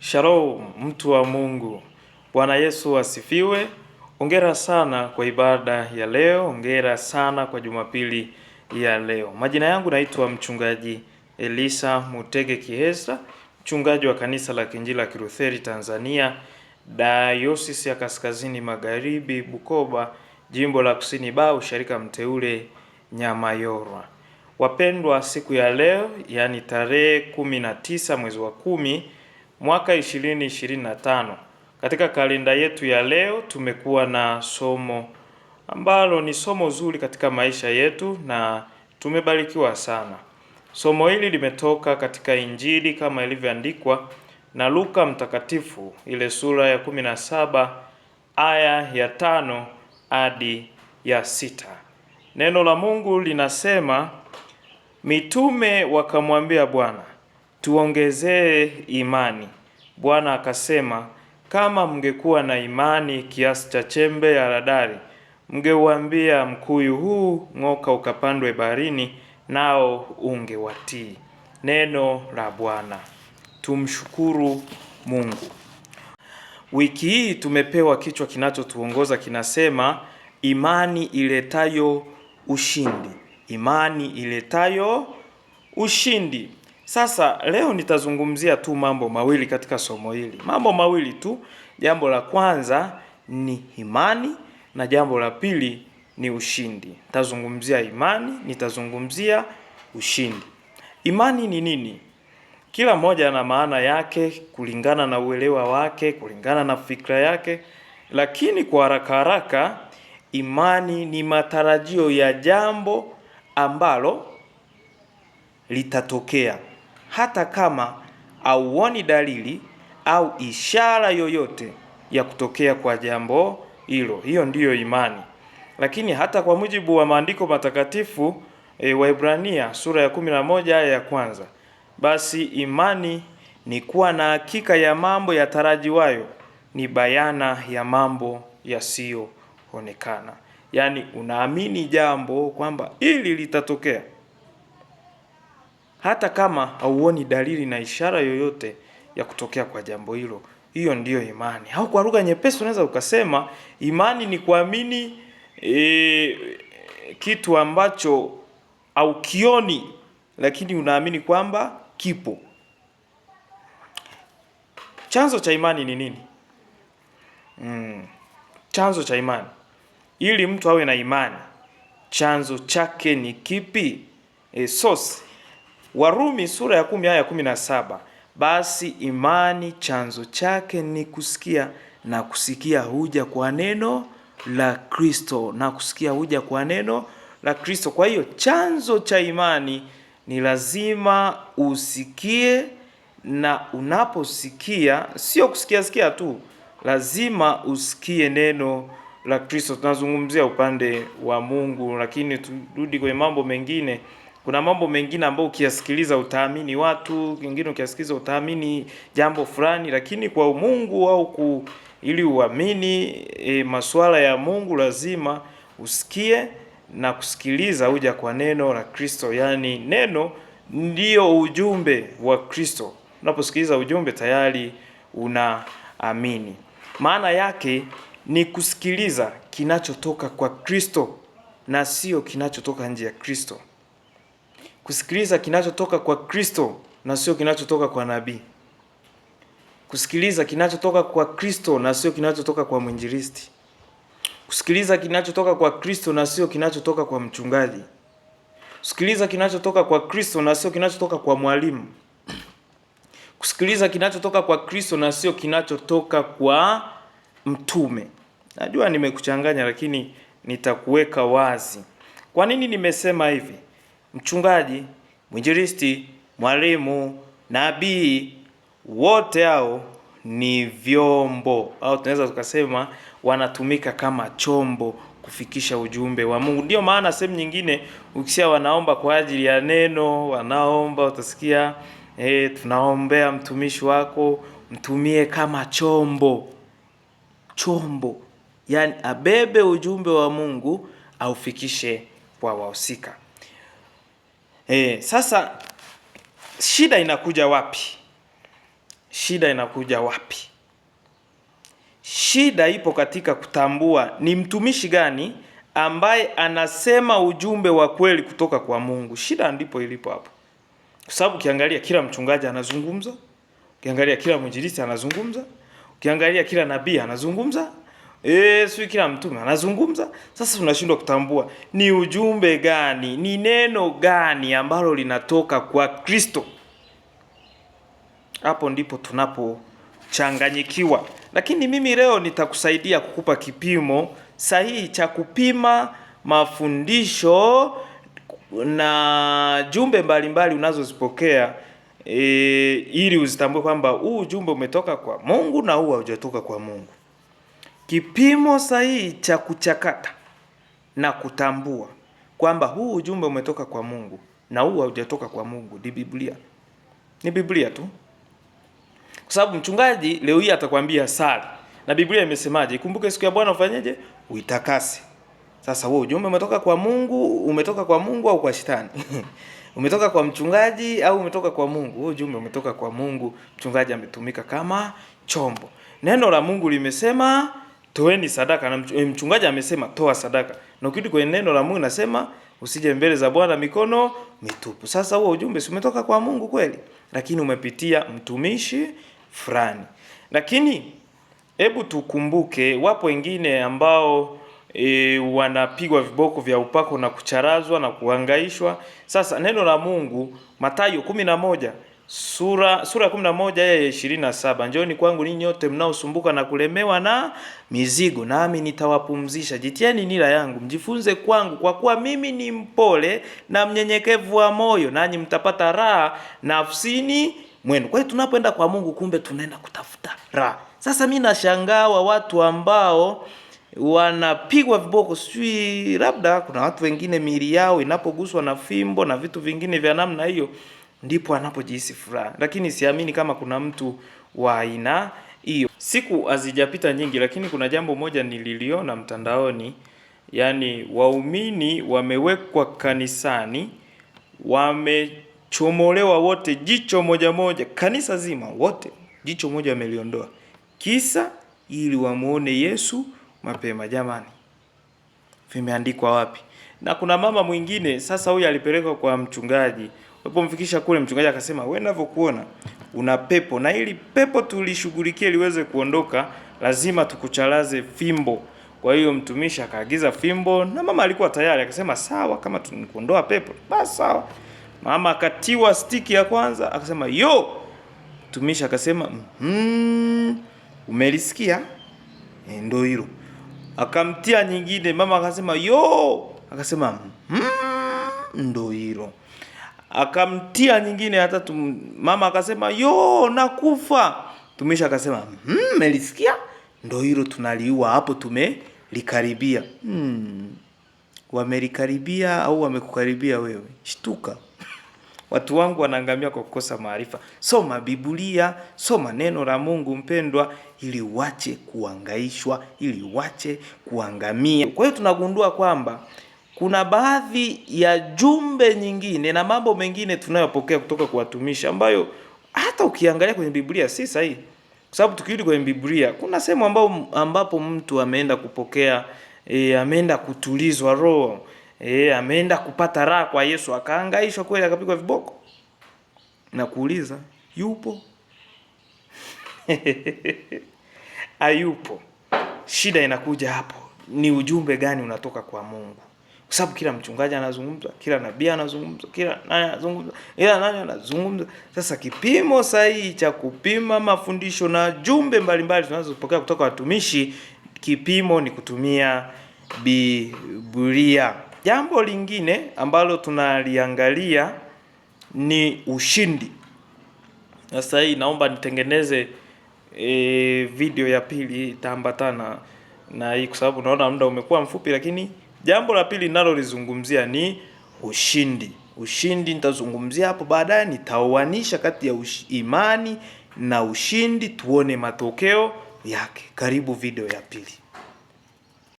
Shalom mtu wa Mungu, Bwana Yesu asifiwe. Hongera sana kwa ibada ya leo, hongera sana kwa Jumapili ya leo. Majina yangu naitwa Mchungaji Elisa Mutege Kihesa, mchungaji wa kanisa la Kinjila Kilutheri Tanzania, Dayosisi ya Kaskazini Magharibi Bukoba, jimbo la Kusini Ba, usharika mteule Nyamayora. Wapendwa, siku ya leo, yaani tarehe 19 mwezi wa kumi mwaka 2025. Katika kalenda yetu ya leo tumekuwa na somo ambalo ni somo zuri katika maisha yetu na tumebarikiwa sana. Somo hili limetoka katika Injili kama ilivyoandikwa na Luka mtakatifu ile sura ya 17 aya ya tano hadi ya sita. Neno la Mungu linasema mitume wakamwambia Bwana, tuongezee imani. Bwana akasema, kama mngekuwa na imani kiasi cha chembe ya radari, mngeuambia mkuyu huu ng'oka ukapandwe baharini, nao ungewatii. Neno la Bwana. Tumshukuru Mungu. Wiki hii tumepewa kichwa kinachotuongoza kinasema, imani iletayo ushindi. Imani iletayo ushindi. Sasa leo nitazungumzia tu mambo mawili katika somo hili, mambo mawili tu. Jambo la kwanza ni imani na jambo la pili ni ushindi. Nitazungumzia imani, nitazungumzia ushindi. Imani ni nini? Kila mmoja ana maana yake kulingana na uelewa wake, kulingana na fikra yake, lakini kwa haraka haraka, imani ni matarajio ya jambo ambalo litatokea hata kama hauoni dalili au ishara yoyote ya kutokea kwa jambo hilo. Hiyo ndiyo imani. Lakini hata kwa mujibu wa maandiko matakatifu e, Waebrania sura ya kumi na moja aya ya kwanza, basi imani ni kuwa na hakika ya mambo yatarajiwayo, ni bayana ya mambo yasiyoonekana. Yaani unaamini jambo kwamba hili litatokea hata kama hauoni dalili na ishara yoyote ya kutokea kwa jambo hilo. Hiyo ndiyo imani. Au kwa lugha nyepesi unaweza ukasema imani ni kuamini e, kitu ambacho haukioni lakini unaamini kwamba kipo. Chanzo cha imani ni nini? Mm. Chanzo cha imani, ili mtu awe na imani chanzo chake ni kipi? E, source Warumi sura ya kumi aya ya kumi na saba basi imani chanzo chake ni kusikia na kusikia huja kwa neno la Kristo, na kusikia huja kwa neno la Kristo. Kwa hiyo chanzo cha imani ni lazima usikie, na unaposikia sio kusikia sikia tu, lazima usikie neno la Kristo. Tunazungumzia upande wa Mungu, lakini turudi kwenye mambo mengine. Kuna mambo mengine ambayo ukiyasikiliza utaamini watu, wengine, ukiyasikiliza utaamini jambo fulani, lakini kwa Mungu au ku, ili uamini e, masuala ya Mungu lazima usikie na kusikiliza uja kwa neno la Kristo, yaani neno ndio ujumbe wa Kristo. Unaposikiliza ujumbe tayari unaamini. Maana yake ni kusikiliza kinachotoka kwa Kristo na sio kinachotoka nje ya Kristo kusikiliza kinachotoka kwa Kristo na sio kinachotoka kwa nabii, kusikiliza kinachotoka kwa Kristo na sio kinachotoka kwa mwinjilisti, kusikiliza kinachotoka kwa Kristo na sio kinachotoka kwa mchungaji, kusikiliza kinachotoka kwa Kristo na sio kinachotoka kwa mwalimu, kusikiliza kinachotoka kwa Kristo na sio kinachotoka kwa mtume. Najua nimekuchanganya, lakini nitakuweka wazi kwa nini nimesema hivi mchungaji, mwinjilisti, mwalimu, nabii, wote hao ni vyombo au tunaweza tukasema wanatumika kama chombo kufikisha ujumbe wa Mungu. Ndio maana sehemu nyingine ukisikia wanaomba kwa ajili ya neno, wanaomba utasikia e, tunaombea mtumishi wako, mtumie kama chombo, chombo yaani abebe ujumbe wa Mungu aufikishe kwa wahusika. E, sasa shida inakuja wapi? Shida inakuja wapi? Shida ipo katika kutambua ni mtumishi gani ambaye anasema ujumbe wa kweli kutoka kwa Mungu. Shida ndipo ilipo hapo, kwa sababu ukiangalia kila mchungaji anazungumza, ukiangalia kila mwinjilisti anazungumza, ukiangalia kila nabii anazungumza eh, sio kila mtume anazungumza. Sasa tunashindwa kutambua ni ujumbe gani, ni neno gani ambalo linatoka kwa Kristo. Hapo ndipo tunapochanganyikiwa, lakini mimi leo nitakusaidia kukupa kipimo sahihi cha kupima mafundisho na jumbe mbalimbali unazozipokea e, ili uzitambue kwamba huu ujumbe umetoka kwa Mungu na huu haujatoka kwa Mungu. Kipimo sahihi cha kuchakata na kutambua kwamba huu ujumbe umetoka kwa Mungu na huu haujatoka kwa Mungu ni Biblia. Ni Biblia tu. Kwa sababu mchungaji leo hii atakwambia sali. Na Biblia imesemaje? Ikumbuke siku ya Bwana ufanyeje? Uitakase. Sasa wewe ujumbe umetoka kwa Mungu, umetoka kwa Mungu au kwa shetani? umetoka kwa mchungaji au umetoka kwa Mungu? Wewe ujumbe umetoka kwa Mungu, mchungaji ametumika kama chombo. Neno la Mungu limesema toeni sadaka, na eh, mchungaji amesema toa sadaka, na ukirudi kwenye neno la Mungu nasema usije mbele za Bwana mikono mitupu. Sasa huo ujumbe si umetoka kwa Mungu kweli, lakini umepitia mtumishi fulani. Lakini hebu tukumbuke, wapo wengine ambao e, wanapigwa viboko vya upako na kucharazwa na kuhangaishwa. Sasa neno la Mungu Mathayo kumi na moja sura sura ya kumi na moja aya ya ishirini na saba Njooni kwangu ninyi nyote mnaosumbuka na kulemewa na mizigo, nami nitawapumzisha. Jitieni nira yangu, mjifunze kwangu, kwa kuwa mimi ni mpole na mnyenyekevu wa moyo, nanyi mtapata raha nafsini mwenu. Kwa hiyo tunapoenda kwa Mungu, kumbe tunaenda kutafuta raha. Sasa mi nashangaa wa watu ambao wanapigwa viboko, sijui labda kuna watu wengine miili yao inapoguswa na fimbo na vitu vingine vya namna hiyo ndipo anapojihisi furaha, lakini siamini kama kuna mtu wa aina hiyo. Siku hazijapita nyingi, lakini kuna jambo moja nililiona mtandaoni, yaani waumini wamewekwa kanisani, wamechomolewa wote jicho moja moja, kanisa zima wote jicho moja wameliondoa, kisa ili wamuone Yesu mapema. Jamani, vimeandikwa wapi? Na kuna mama mwingine sasa, huyu alipelekwa kwa mchungaji Alipomfikisha kule, mchungaji akasema, wewe ninavyokuona una pepo, na ili pepo tulishughulikie liweze kuondoka, lazima tukuchalaze fimbo. Kwa hiyo mtumishi akaagiza fimbo, na mama alikuwa tayari, akasema sawa, kama tunikuondoa pepo basi sawa. Mama akatiwa stiki ya kwanza, akasema yo. Mtumishi akasema mm, umelisikia e, ndio hilo. Akamtia nyingine, mama akasema yo, akasema mm, ndio hilo akamtia nyingine hata tum, mama akasema yo nakufa. Tumisha akasema mmelisikia, hmm, mmm, ndo hilo tunaliua hapo, tumelikaribia. Hmm, wamelikaribia au wamekukaribia wewe? Shtuka, watu wangu wanaangamia kwa kukosa maarifa. Soma Biblia, soma neno la Mungu mpendwa, ili uache kuangaishwa, ili uache kuangamia. Kwa hiyo tunagundua kwamba kuna baadhi ya jumbe nyingine na mambo mengine tunayopokea kutoka kwa watumishi ambayo hata ukiangalia kwenye Biblia si sahihi. Kwa sababu tukirudi kwenye Biblia kuna sehemu ambapo ambapo mtu ameenda kupokea e, ameenda kutulizwa roho e, ameenda kupata raha kwa Yesu akaangaishwa kweli akapigwa viboko. Na kuuliza yupo? Hayupo. Shida inakuja hapo. Ni ujumbe gani unatoka kwa Mungu? kwa sababu kila mchungaji anazungumza, kila nabii anazungumza, kila nani anazungumza, ila nani anazungumza. Sasa kipimo sahihi cha kupima mafundisho na jumbe mbalimbali tunazopokea kutoka watumishi, kipimo ni kutumia Biblia. Jambo lingine ambalo tunaliangalia ni ushindi. Sasa hii naomba nitengeneze e, video ya pili itaambatana na hii kwa sababu naona muda umekuwa mfupi, lakini Jambo la pili ninalolizungumzia ni ushindi. Ushindi nitazungumzia hapo baadaye, nitaoanisha kati ya imani na ushindi, tuone matokeo yake. Karibu video ya pili.